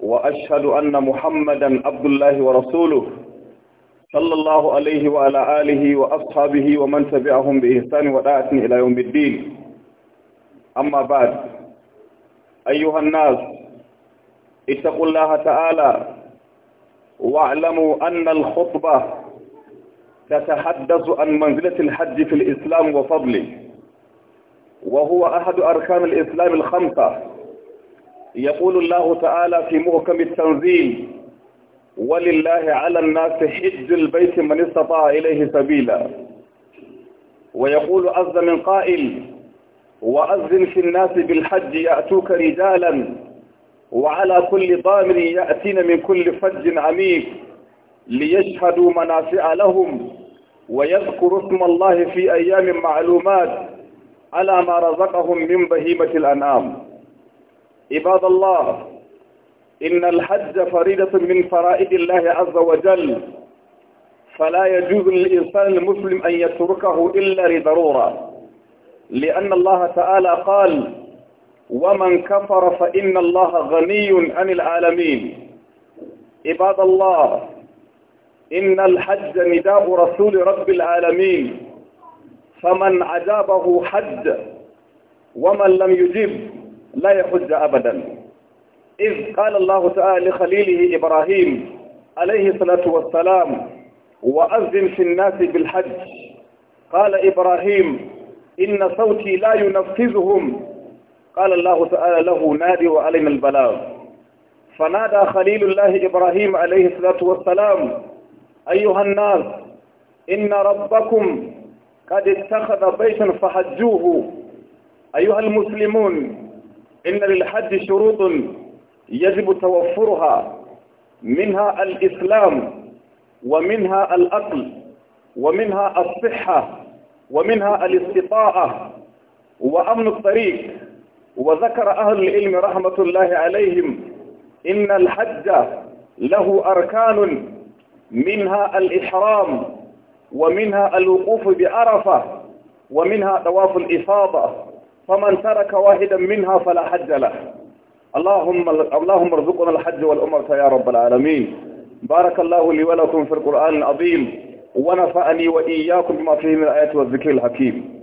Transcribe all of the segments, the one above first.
وأشهد أن محمدا عبد الله ورسوله صلى الله عليه وعلى آله وأصحابه ومن تبعهم بإحسان وداعة إلى يوم الدين أما بعد أيها الناس اتقوا الله تعالى واعلموا أن الخطبة تتحدث عن منزلة الحج في الإسلام وفضله وهو أحد أركان الإسلام الخمسة يقول الله تعالى في محكم التنزيل ولله على الناس حج البيت من استطاع إليه سبيلا ويقول عز من قائل وأذن في الناس بالحج يأتوك رجالا وعلى كل ضامر يأتين من كل فج عميق ليشهدوا منافع لهم ويذكروا اسم الله في أيام معلومات على ما رزقهم من بهيمة الأنعام عباد الله إن الحج فريضة من فرائض الله عز وجل فلا يجوز للإنسان المسلم أن يتركه إلا لضرورة لأن الله تعالى قال ومن كفر فإن الله غني عن العالمين عباد الله إن الحج نداء رسول رب العالمين فمن عجابه حج ومن لم يجب لا يحج أبدا إذ قال الله تعالى لخليله إبراهيم عليه الصلاة والسلام وأذن في الناس بالحج قال إبراهيم إن صوتي لا ينفذهم قال الله تعالى له نادي وعلم البلاغ فنادى خليل الله إبراهيم عليه الصلاة والسلام أيها الناس إن ربكم قد اتخذ بيتا فحجوه أيها المسلمون إن للحج شروط يجب توفرها منها الإسلام ومنها الأقل ومنها الصحة ومنها الاستطاعة وأمن الطريق وذكر أهل العلم رحمة الله عليهم إن الحج له أركان منها الإحرام ومنها الوقوف بعرفة ومنها طواف الإفاضة فمن ترك واحدا منها فلا حج له اللهم اللهم ارزقنا الحج والعمرة يا رب العالمين بارك الله لي ولكم في القرآن العظيم ونفعني وإياكم بما فيه من الآيات والذكر الحكيم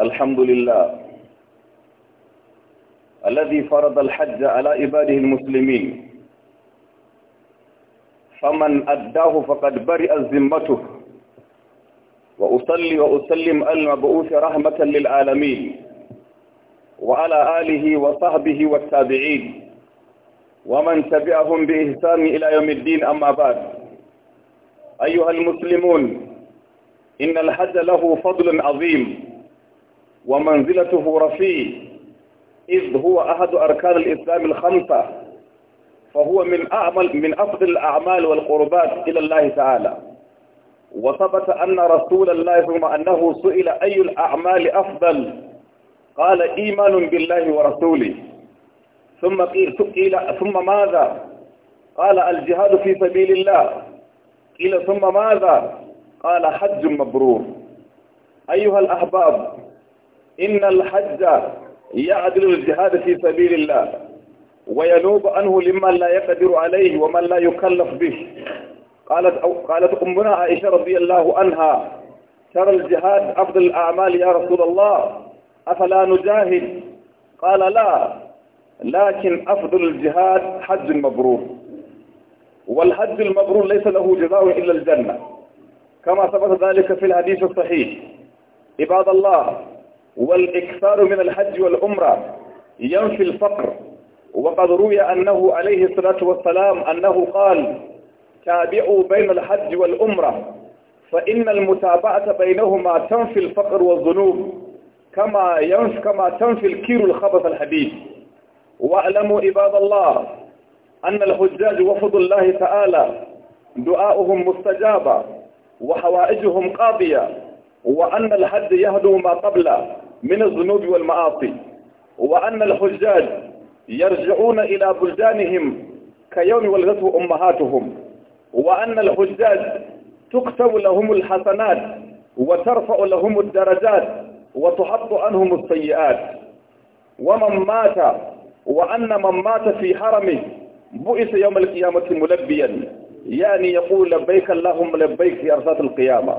الحمد لله الذي فرض الحج على عباده المسلمين فمن أداه فقد برئت ذمته وأصلي وأسلم المبعوث رحمة للعالمين وعلى آله وصحبه والتابعين ومن تبعهم بإحسان إلى يوم الدين أما بعد أيها المسلمون إن الحج له فضل عظيم ومنزلته رفيع إذ هو أحد أركان الإسلام الخمسة فهو من أعمل من أفضل الأعمال والقربات إلى الله تعالى وثبت أن رسول الله ثم أنه سئل أي الأعمال أفضل قال إيمان بالله ورسوله ثم قيل ثم ماذا قال الجهاد في سبيل الله قيل ثم ماذا قال حج مبرور أيها الأحباب إن الحج يعدل الجهاد في سبيل الله وينوب عنه لمن لا يقدر عليه ومن لا يكلف به قالت, أو قالت أمنا عائشة رضي الله عنها ترى الجهاد أفضل الأعمال يا رسول الله أفلا نجاهد قال لا لكن أفضل الجهاد حج مبرور والحج المبرور ليس له جزاء إلا الجنة كما ثبت ذلك في الحديث الصحيح عباد الله والإكثار من الحج والعمرة ينفي الفقر وقد روي أنه عليه الصلاة والسلام أنه قال تابعوا بين الحج والعمرة فإن المتابعة بينهما تنفي الفقر والذنوب كما ينف كما تنفي الكير الخبث الحديث واعلموا عباد الله أن الحجاج وفد الله تعالى دعاؤهم مستجابة وحوائجهم قاضية وأن الحج يهدو ما قبله من الذنوب والمعاصي وأن الحجاج يرجعون إلى بلدانهم كيوم ولدته أمهاتهم وأن الحجاج تكتب لهم الحسنات وترفع لهم الدرجات وتحط عنهم السيئات ومن مات وأن من مات في حرمه بئس يوم القيامة ملبيا يعني يقول لبيك اللهم لبيك في أرصات القيامة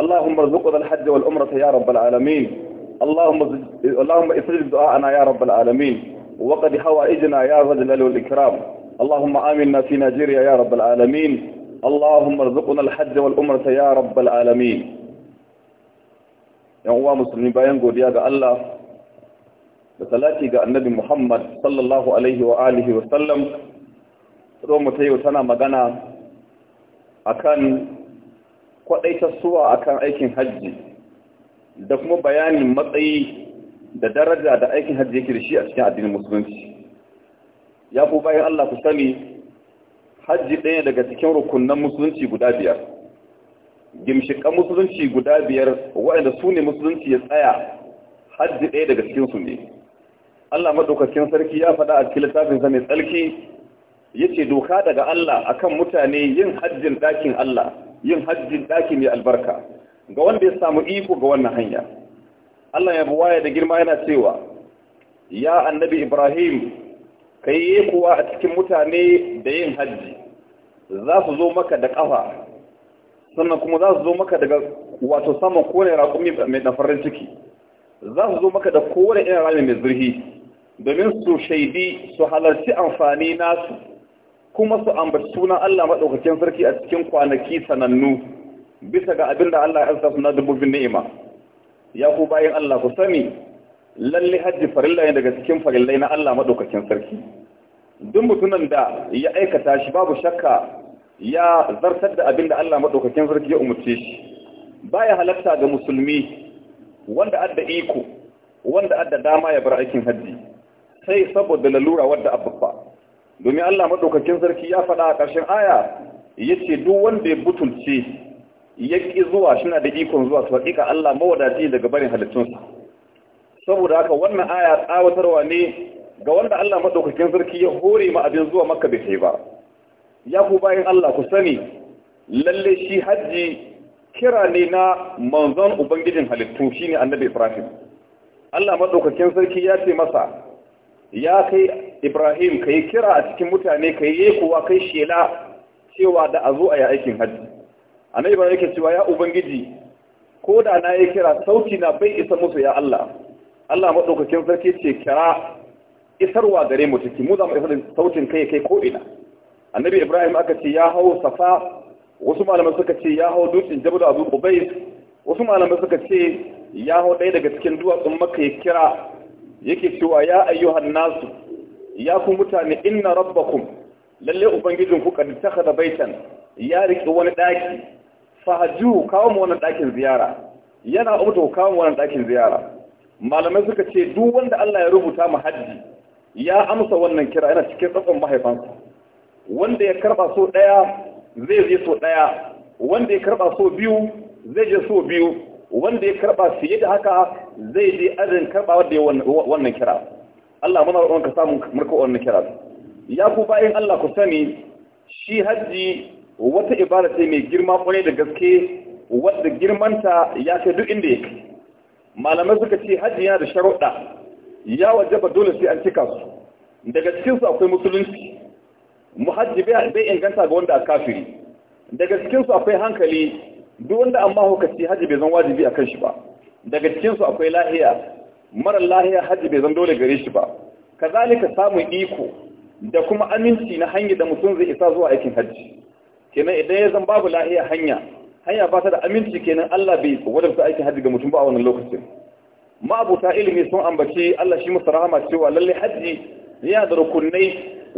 اللهم ارزقنا الحج والأمرة يا رب العالمين اللهم اللهم استجب دعاءنا يا رب العالمين وقد حوائجنا يا ذا الجلال والإكرام اللهم آمنا في نيجيريا يا رب العالمين اللهم ارزقنا الحج والأمرة يا رب العالمين يوم مسلمين باين قول يا الله بسلاتي قال النبي محمد صلى الله عليه وآله وسلم روم تيو تنا مغانا أكان قد أيت السوى أكان أيكين حجي da kuma bayanin matsayi da daraja da aikin hajji yake da shi a cikin addinin musulunci ya ku bayan Allah ku sani hajji ɗaya daga cikin rukunan musulunci guda biyar gimshiƙan musulunci guda biyar waɗanda su ne musulunci ya tsaya hajji ɗaya daga su ne Allah maɗaukakin sarki ya faɗa a cikin littafinsa mai tsarki ya ce doka daga Allah akan mutane yin hajjin ɗakin Allah yin hajjin ɗakin mai albarka ga wanda ya samu iko ga wannan hanya Allah ya buwaya da girma yana cewa ya annabi Ibrahim kai yi kuwa a cikin mutane da yin hajji za su zo maka da ƙafa sannan kuma za su zo maka daga wato saman kone raƙumi mai ɗanfarin ciki za su zo maka da kowane irin rami mai zurhi domin su shaidi su halarci amfani nasu kuma su ambaci sunan Allah maɗaukakin sarki a cikin kwanaki sanannu bisa ga abinda da Allah ya na dubu bin ni'ima ya ku bayan Allah ku sani lalle hajji farilla ne daga cikin farillai na Allah madaukakin sarki duk mutumin da ya aikata shi babu shakka ya zartar da abinda da Allah madaukakin sarki ya umurce shi baya halatta ga musulmi wanda adda iko wanda adda dama ya bar aikin hajji sai saboda lalura wadda abba domin Allah madaukakin sarki ya faɗa a ƙarshen aya yace duk wanda ya butulce yake zuwa shi na da ikon zuwa su haƙiƙa Allah mawadaci daga barin halittunsa saboda haka wannan aya tsawatarwa ne ga wanda Allah maɗaukakin sarki ya hore ma abin zuwa makka bai kai ba ya ku bayan Allah ku sani lalle shi hajji kira ne na manzon ubangijin halittu ne annabi Ibrahim Allah maɗaukakin sarki ya ce masa ya kai Ibrahim ka yi kira a cikin mutane ka yi yekuwa kai shela cewa da a zo a yi aikin hajji annabi ba yake cewa ya ubangiji ko da na yi kira sauki na bai isa musu ya Allah Allah madaukakin sarki ce kira isarwa gare mu take mu za mu da sautin kai kai ko ina annabi Ibrahim aka ce ya hau safa wasu malaman suka ce ya hau dutsen Jabal Abu wasu malaman suka ce ya hau ɗaya daga cikin duwatsun Makka ya kira yake cewa ya ayyuhan nasu ya ku mutane inna rabbakum lalle ubangijinku kad takhadha baitan ya rike wani ɗaki. fahaju kawo mu wannan ɗakin ziyara yana umurta kawo mu wannan ɗakin ziyara malamai suka ce duk wanda Allah ya rubuta mu haji ya amsa wannan kira yana cikin tsakon mahaifansa wanda ya karba so daya zai je so daya wanda ya karba so biyu zai je so biyu wanda ya karba fiye da haka zai je azin karba wanda ya wannan kira Allah muna roƙon ka samu murka wannan kira ya ku bayin Allah ku sani shi haji wata ibada ce mai girma kwarai da gaske wadda girmanta ya kai duk inda ya malamai suka ce hajji yana da sharuɗa ya wajaba dole sai an cika su daga cikinsu akwai musulunci muhajji bai inganta ga wanda a kafiri daga cikinsu akwai hankali duk wanda amma ce hajji bai zan wajibi a kan shi ba daga cikinsu akwai lahiya Mara lahiya hajji bai zan dole gare shi ba kazalika samun iko da kuma aminci na hanyar da mutum zai isa zuwa aikin hajji kenan idan ya zan babu lahiya hanya hanya ba ta da aminci kenan Allah bai wadanta aikin hajji ga mutum ba a wannan lokacin ma'abuta ilimi sun ambaci Allah shi musu rahama cewa lalle hajji yana da rukunai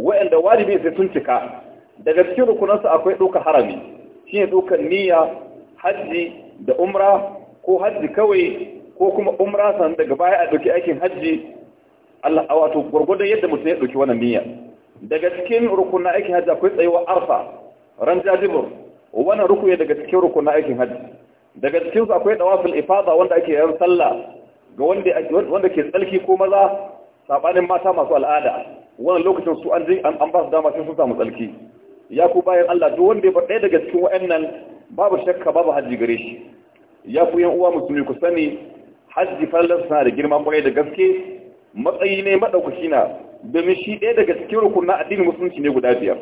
waɗanda wajibi sai sun cika daga cikin rukunansu akwai ɗaukar harami shi ne ɗaukar niyya hajji da umra ko hajji kawai ko kuma umra sannan daga baya a ɗauki aikin hajji Allah a wato gwargwadon yadda mutum ya ɗauki wannan niyya daga cikin rukunan aikin hajji akwai tsayuwar arfa ran jajibur wannan rukuye daga cikin ruku na aikin hajji daga cikin su akwai dawaful ifada wanda ake yin sallah ga wanda ke tsalki ko maza sabanin mata masu al'ada wannan lokacin su an an ba su dama sun samu tsalki ya ku bayan Allah duk wanda ya ɗaya daga cikin wa'annan babu shakka babu hajji gare shi ya ku yan uwa musulmi ku sani hajji fallar suna da girma kwaye da gaske matsayi ne maɗaukaki na domin shi ɗaya daga cikin rukunin addinin musulunci ne guda biyar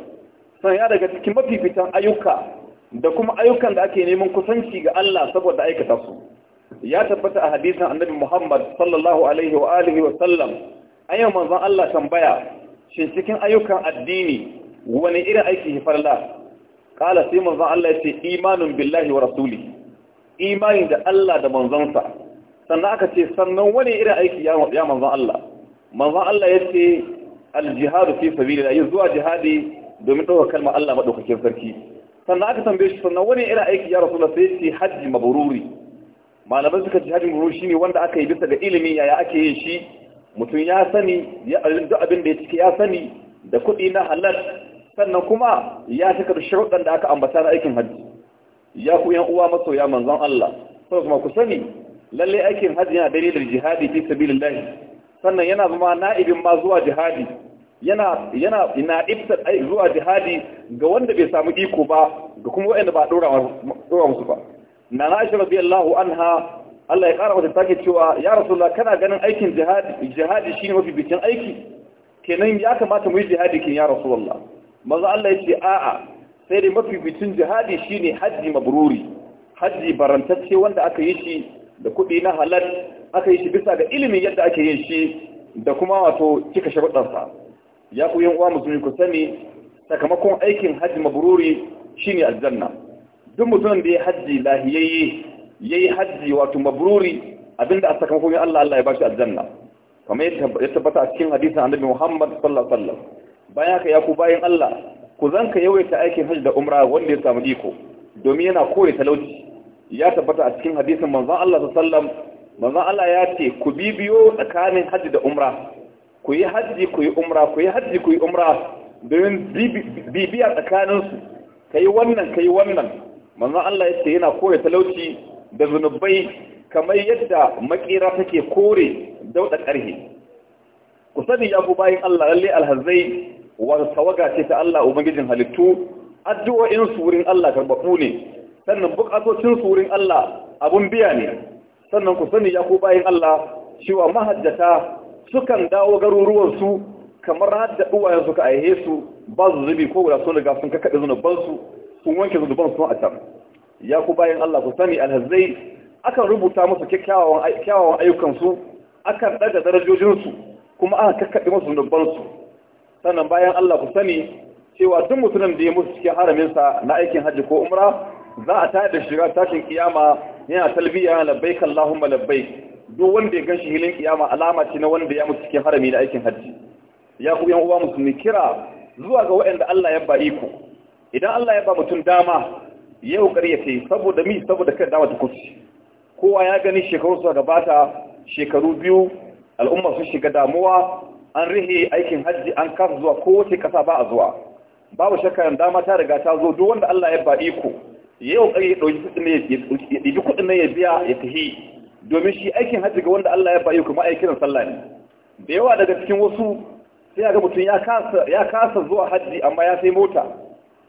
sannan ya daga cikin mafificin ayyuka da kuma ayyukan da ake neman kusanci ga Allah saboda aikata su ya tabbata a hadisin annabi Muhammad sallallahu alaihi wa alihi wa sallam ayyan manzon Allah tambaya shin cikin ayyukan addini wani irin aiki hifarla kala sai manzon Allah ya ce imanun billahi wa rasuli imani da Allah da manzonsa sannan aka ce sannan wani irin aiki ya manzon Allah manzon Allah ya ce al-jihadu fi sabilillah zuwa jihadi domin ɗaukar kalma Allah maɗaukakin sarki sannan aka tambaye shi sannan wani irin aiki ya rasu sai ce hajji mabururi malamai suka ce hajji mabururi shine wanda aka yi bisa ga ilimi yaya ake yin shi mutum ya sani ya duk abin da ya ciki ya sani da kuɗi na halal sannan kuma ya cika da sharuɗan da aka ambata na aikin hajji ya ku yan uwa masoya manzon Allah sai kuma ku sani lalle aikin hajji yana dalilin da jihadi fi sabilillah sannan yana zama na'ibin ma zuwa jihadi yana yana ibtar zuwa jihadi ga wanda bai samu iko ba ga kuma waɗanda ba ɗora musu ba nana aisha radiyallahu anha Allah ya kara wata take cewa ya rasulullah kana ganin aikin jihadi jihadi shine mafi bikin aiki kenan ya kamata mu yi jihadi kin ya rasulullah manzo Allah ya ce a'a sai dai mafi bikin jihadi shine ma mabruri hajji barantacce wanda aka yi shi da kuɗi na halal aka yi shi bisa ga ilimin yadda ake yin shi da kuma wato cika sharuɗansa ya ku yan uwa musulmi ku sani sakamakon aikin hajji mabruri shine aljanna duk mutumin da ya hajji lahiyayye yayi hajji wato mabruri abinda a sakamakon Allah Allah ya bashi aljanna kamar ya tabbata a cikin hadisin annabi Muhammad sallallahu alaihi wasallam bayan haka ya ku Allah ku zanka yawaita aikin hajji da umra wanda ya samu iko domin yana kore talauci ya tabbata a cikin hadisin manzon Allah sallallahu alaihi wasallam manzon Allah ya ce ku bibiyo tsakanin hajji da umra ku yi hajji ku yi umra ku yi hajji ku yi umra domin bibiya tsakaninsu ka yi wannan ka yi wannan manzon Allah ya ce yana kore talauci da zunubai kamar yadda makera take kore dauda ƙarhe ku sani ya ku bayan Allah lalle alhazai wata tawaga ce ta Allah ubangijin halittu addu'o'in su wurin Allah karbabu ne sannan bukatocin su wurin Allah abun biya ne sannan ku sani ya ku bayan Allah cewa mahajjata sukan dawo garuruwansu kamar ranar da suka aihe su ba su zubi ko guda sun riga sun kakaɗe zunubansu sun wanke zunuban su a can ya ku bayan Allah ku sani alhazai akan rubuta musu kyakkyawan ayyukansu akan ɗaga darajojinsu kuma aka kakaɗe musu zunubansu sannan bayan Allah ku sani cewa duk mutumin da ya musu cikin haraminsa na aikin hajji ko umra za a tayar da shiga tashin kiyama yana talbiya labbaik Allahumma labbaik duk wanda ya ganshi hilin kiyama alama ce na wanda ya mutu cikin harami na aikin hajji ya ku yan uwa musulmi kira zuwa ga waɗanda Allah ya ba iko idan Allah ya ba mutum dama ya kokari ya kai saboda mi saboda kai dama ta kuci kowa ya gani shekaru su gabata shekaru biyu al'umma sun shiga damuwa an rihe aikin hajji an kasa zuwa kowace kasa ba a zuwa babu shakka dama ta riga ta zo duk wanda Allah ya ba iko ya kokari ya ɗauki kuɗin ya biya ya tafi domin shi aikin hajji ga wanda Allah ya yi kuma aikin sallah ne da yawa daga cikin wasu sai ga mutum ya kasa ya kasa zuwa hajji amma ya sai mota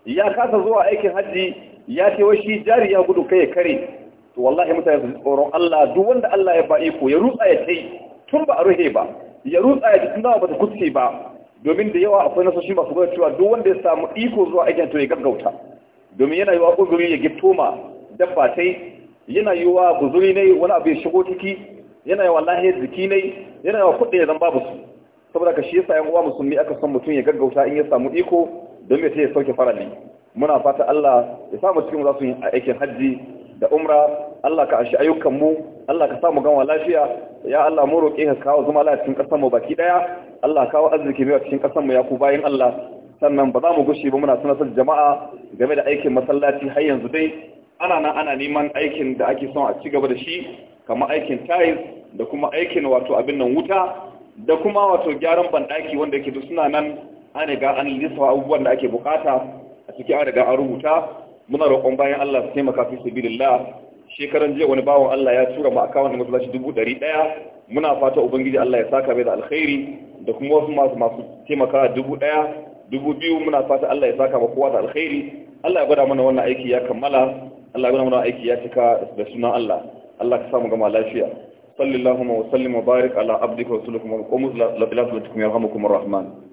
ya kasa zuwa aikin hajji ya ce wai shi jari ya gudu kai ya kare to wallahi mutane su tsoron Allah duk wanda Allah ya yi ko ya rutsa ya ce tun ba a ruhe ba ya rutsa ya tun ba ta kutse ba domin da yawa akwai nasoshi masu gwada cewa duk wanda ya samu iko zuwa aikin to ya gaggauta domin yana yi wa ya gito ma dabba tai yana yi wa guzuri ne wani abu ya shigo ciki yana yi wa lahiyar jiki ne yana yi wa kuɗi ya zan babu su saboda ka shi yasa yan uwa musulmi aka san mutum ya gaggauta in ya samu iko don ya ya sauke farali muna fata Allah ya samu cikin za su yi aikin hajji da umra Allah ka ashi ayyukan mu Allah ka samu ganwa lafiya ya Allah mu roƙe ka kawo zama lafiya cikin ƙasar mu baki daya Allah kawo arziki mai cikin ƙasar mu ya ku bayin Allah sannan ba za mu gushi ba muna tunatar jama'a game da aikin masallaci har yanzu dai ana nan ana neman aikin da ake son a ci gaba da shi kamar aikin tiles da kuma aikin wato abin nan wuta da kuma wato gyaran banɗaki wanda yake duk suna nan an ga an lissa abubuwan da ake bukata a cikin an riga an rubuta muna roƙon bayan Allah su taimaka fi sabilillah shekaran jiya wani bawan Allah ya tura ma akawun masallaci dubu ɗari ɗaya muna fata ubangiji Allah ya saka mai da alkhairi da kuma wasu masu masu taimaka dubu ɗaya dubu biyu muna fata Allah ya saka ma kowa da alkhairi Allah ya gwada mana wannan aiki ya kammala Allah ya mana aiki ya cika da sunan Allah Allah ka samu gama lafiya sallallahu wa sallim wa barik ala abdika wa rasuluka wa qumuz la ilaha illa anta yarhamukumur rahman